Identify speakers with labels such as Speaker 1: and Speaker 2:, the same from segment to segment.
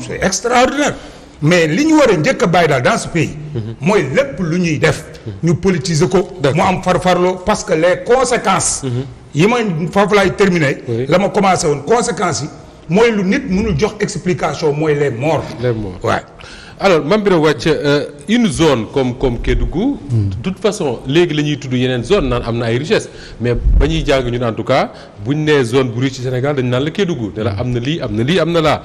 Speaker 1: c'est extraordinaire mais li ñu war a njëkk a bàyyi daal dans ce pays mooy lépp lu ñuy def ñu politiser ko mu am farfarloo parce que les conséquences yi ma foofu laay terminer la ma commencé woon conséquences yi mooy lu nit mënul jox explication mooy les morts waaw alors Mame Birame Wathie euh, une zone comme comme Kédougou hmm. de toute façon léegi la ñuy tudd yeneen zone naan am na ay richesse mais ba ñuy jàng ñu en tout cas buñ nee zone bu riche ci Sénégal dañ naan la Kédougou ne la am na lii am na lii am na laa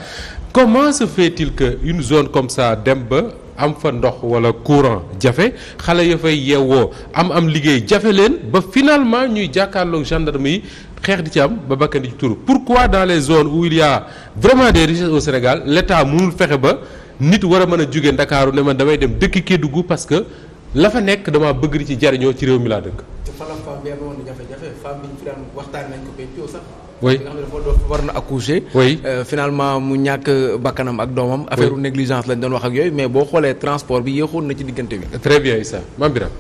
Speaker 1: comment se fait-il une zone comme ça dem ba am fa ndox wala courant jafe xale ya fay yeewoo am am liggéey jafe leen ba finalement ñuy jàkkaarloog gendarme yi xeex di ci am ba bakkan di ci turu pourquoi dans les zones où vraiment des Sénégal l'État mënul fexe ba nit war a mën a jóge ndakaaru ne man damay dem dëkk Kédougou parce que lafa nekk dama bëgg di ci jariñoo ci réew mi laa dëkk. te femme bi amoon na waxtaan nañ ko peccoo sax. oui nga euh, finalement mu ñàkk bakkanam ak doomam. affaire négligence lañ doon wax ak yooyu mais boo xoolee transport bi yéexoon na ci diggante bi. très bien Issa Mame Birame.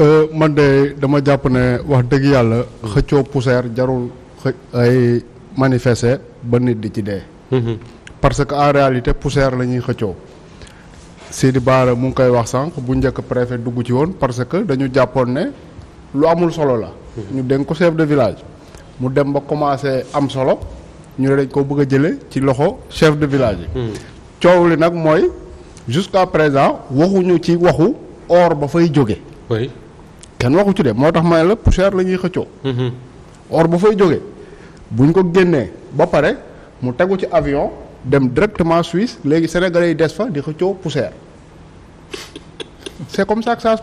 Speaker 1: Euh, man de dama jàpp ne wax dëgg yàlla xëccoo poussière jarul xëj ay manifester ba nit di ci dee. Mhm. parce que en réalité poussière la ñuy xëccoo Sidi Bara mu ngi koy wax sànq bu njëkk préfet dugg ci woon parce que dañu jàppoon ne lu amul solo la. ñu dénk ko chef de village. mu dem ba commencé am solo ñu ne dañ ko bëgg a jëlee ci loxo chef de village yi. Hmm. coow li nag mooy jusqu'à présent waxuñu ci waxu or ba fay jóge kenn waxu ci de moo tax ma ne la poussière la ñuy xëccoo. or ba fay jóge buñ ko génnee ba pare mu tegu ci avion. dem directement Suisse léegi sénégalais yi des fa di xëccoo poussière c'est comme ça que ça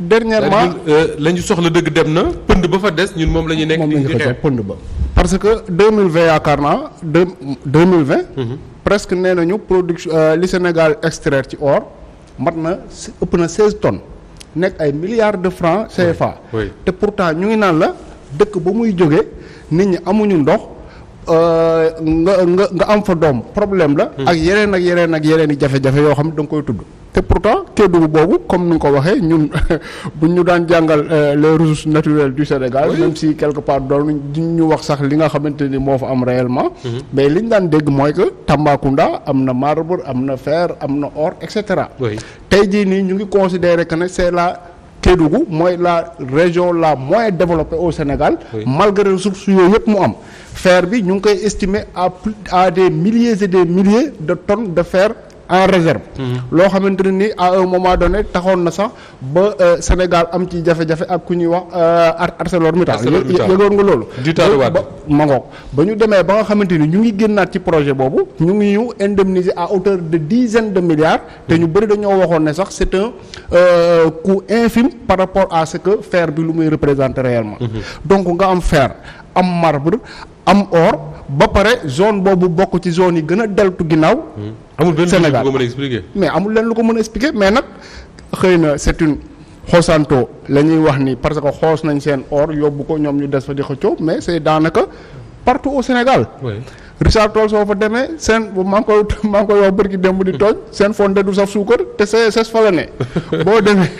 Speaker 1: dernièrement euh, la ñu soxla dëgg dem na pënd ba fa des ñun moom la ñu nekk. moom la ñu xëccoo pënd ba. parce que deux mille vingt yaakaar naa deux mhm. presque nee nañu production euh, li Sénégal extraire ci or mat na ëpp na seize tonnes nekk ay milliards de francs CFA. te pourtant ñu ngi naan la dëkk ba muy jóge nit ñi amuñu ndox. nga nga nga am fa doom problème la. ak yeneen ak yeneen ak yeneen i jafe-jafe yoo xam ne da nga koy tudd. te pourtant Kédougou boobu comme ni nga ko waxee ñun bu ñu daan jàngal euh, les ressources naturelles du Sénégal. même si quelque part doon ñu wax sax li nga xamante ni moo fa am réellement. Mhm. mais li ñu daan dégg mooy que Tambacounda am na marbre am na fer am na or et cetera. tey jii nii ñu ngi considérer que ne c'est Kédougou mooy la région la moins développée au Sénégal oui. malgré ressources yooyu yëpp mu am fer bi ñu ngi koy estimer à plus à des milliers et des milliers de tonnes de fer en réserve loo xamante ne ni à un moment donné taxoon na sax ba euh, Sénégal am ci jafe-jafe ak ku ñuy wax euh, ArcelorMittal yëgoon nga loolu ba ma ngoog ba ñu demee ba nga xamante ni ñu ngi génnaat ci projet boobu ñu ngi ñu indemniser à hauteur de dizaines de milliards te ñu bëri dañoo waxoon ne sax c'est un euh, coût infime par rapport à ce que fer bi lu muy représente réellement mm-hmm. donc nga am fair am marbre am or ba pare zone boobu bokk ci zone yi gën a deltu ginnaaw. Hmm. amul benn Sénégal ko mën a expliquer. mais amul leen lu ko mën a expliquer mais nag xëy na c'est une xoosanto la ñuy wax ni parce que xoos nañ seen or yóbbu ko ñoom ñu des fa di xëccoo mais c'est daanaka partout au Sénégal. Richard Toll soo fa demee seen maa ngi koy maa ngi koy wax bërki démb di tooñ seen fonde du saf suukar te CSS fa la ne boo demee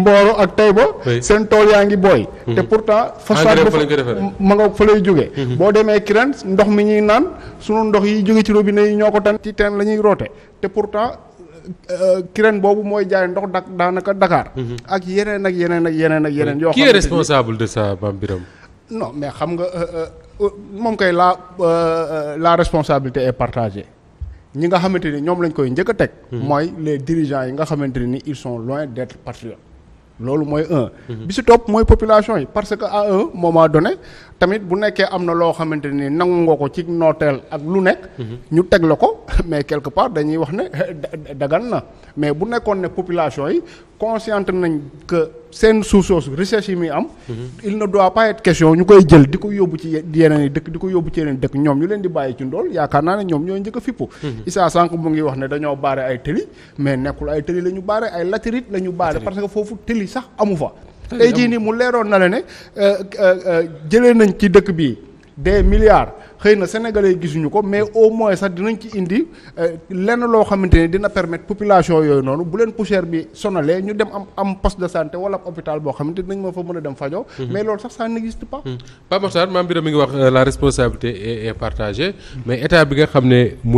Speaker 1: Mboro ak Taïba seen tool yaa ngi booy mhm. te pourtant phosphate dafa ma nga fa lay jógee mhm. boo demee Kirène ndox mi ñuy naan sunu ndox yi jóge ci robine yi ñoo ko tan ci teen la ñuy roote te pourtant euh, Kirène boobu mooy jaay ndox dak daanaka dakaar mhm. ak yeneen ak yeneen ak yeneen ak yeneen yoo xam qui est mais xam nga euh, euh, moom kay la euh, la responsabilité est partagée ñi nga xamante ni ñoom lañ koy njëkk a teg. Hmm. mooy les dirigeants yi nga xamante ni ils sont loin d'être patriotes. loolu mooy un. Hmm. bi si topp mooy population yi parce que à un moment donné tamit bu nekkee am na loo xamante ni nangu nga ko ci nooteel ak lu nekk. Hmm. ñu teg la ko mais quelque part dañuy wax ne dagan na mais bu nekkoon ne population yi consciente nañ que. seen suuf soosu recherche yi muy am. Mhm. il ne doit pas question ñu koy jël di ko yóbbu ci yeneen i dëkk di ko yóbbu ci dëkk ñoom ñu leen di bàyyi ci ndool yaakaar naa ne ñoom ñooy njëkk fippu. Mhm. Issa Sànq mu ngi wax ne dañoo baare ay tëli mais nekkul ay tëli la ñu baare ay latérite la ñu baare parce que foofu tëli sax amu fa. tey jii nii mu leeroon na la ne euh, euh, euh, jëlee nañ ci dëkk bi des milliards. xëy na sénégalais gisuñu ko mais au moins sax dinañ ci indi euh, lenn loo xamante ni dina permettre population yooyu noonu bu leen poussière bi sonale ñu dem am am poste de santé wala hôpital boo xamante nañ ma fa mën a dem fajoo mhm. mais loolu sax ça n'existe pas mhm. Pape Makhtar Mame Birame mi ngi wax euh, la responsabilité est partagée mais état bi nga xam ne mooy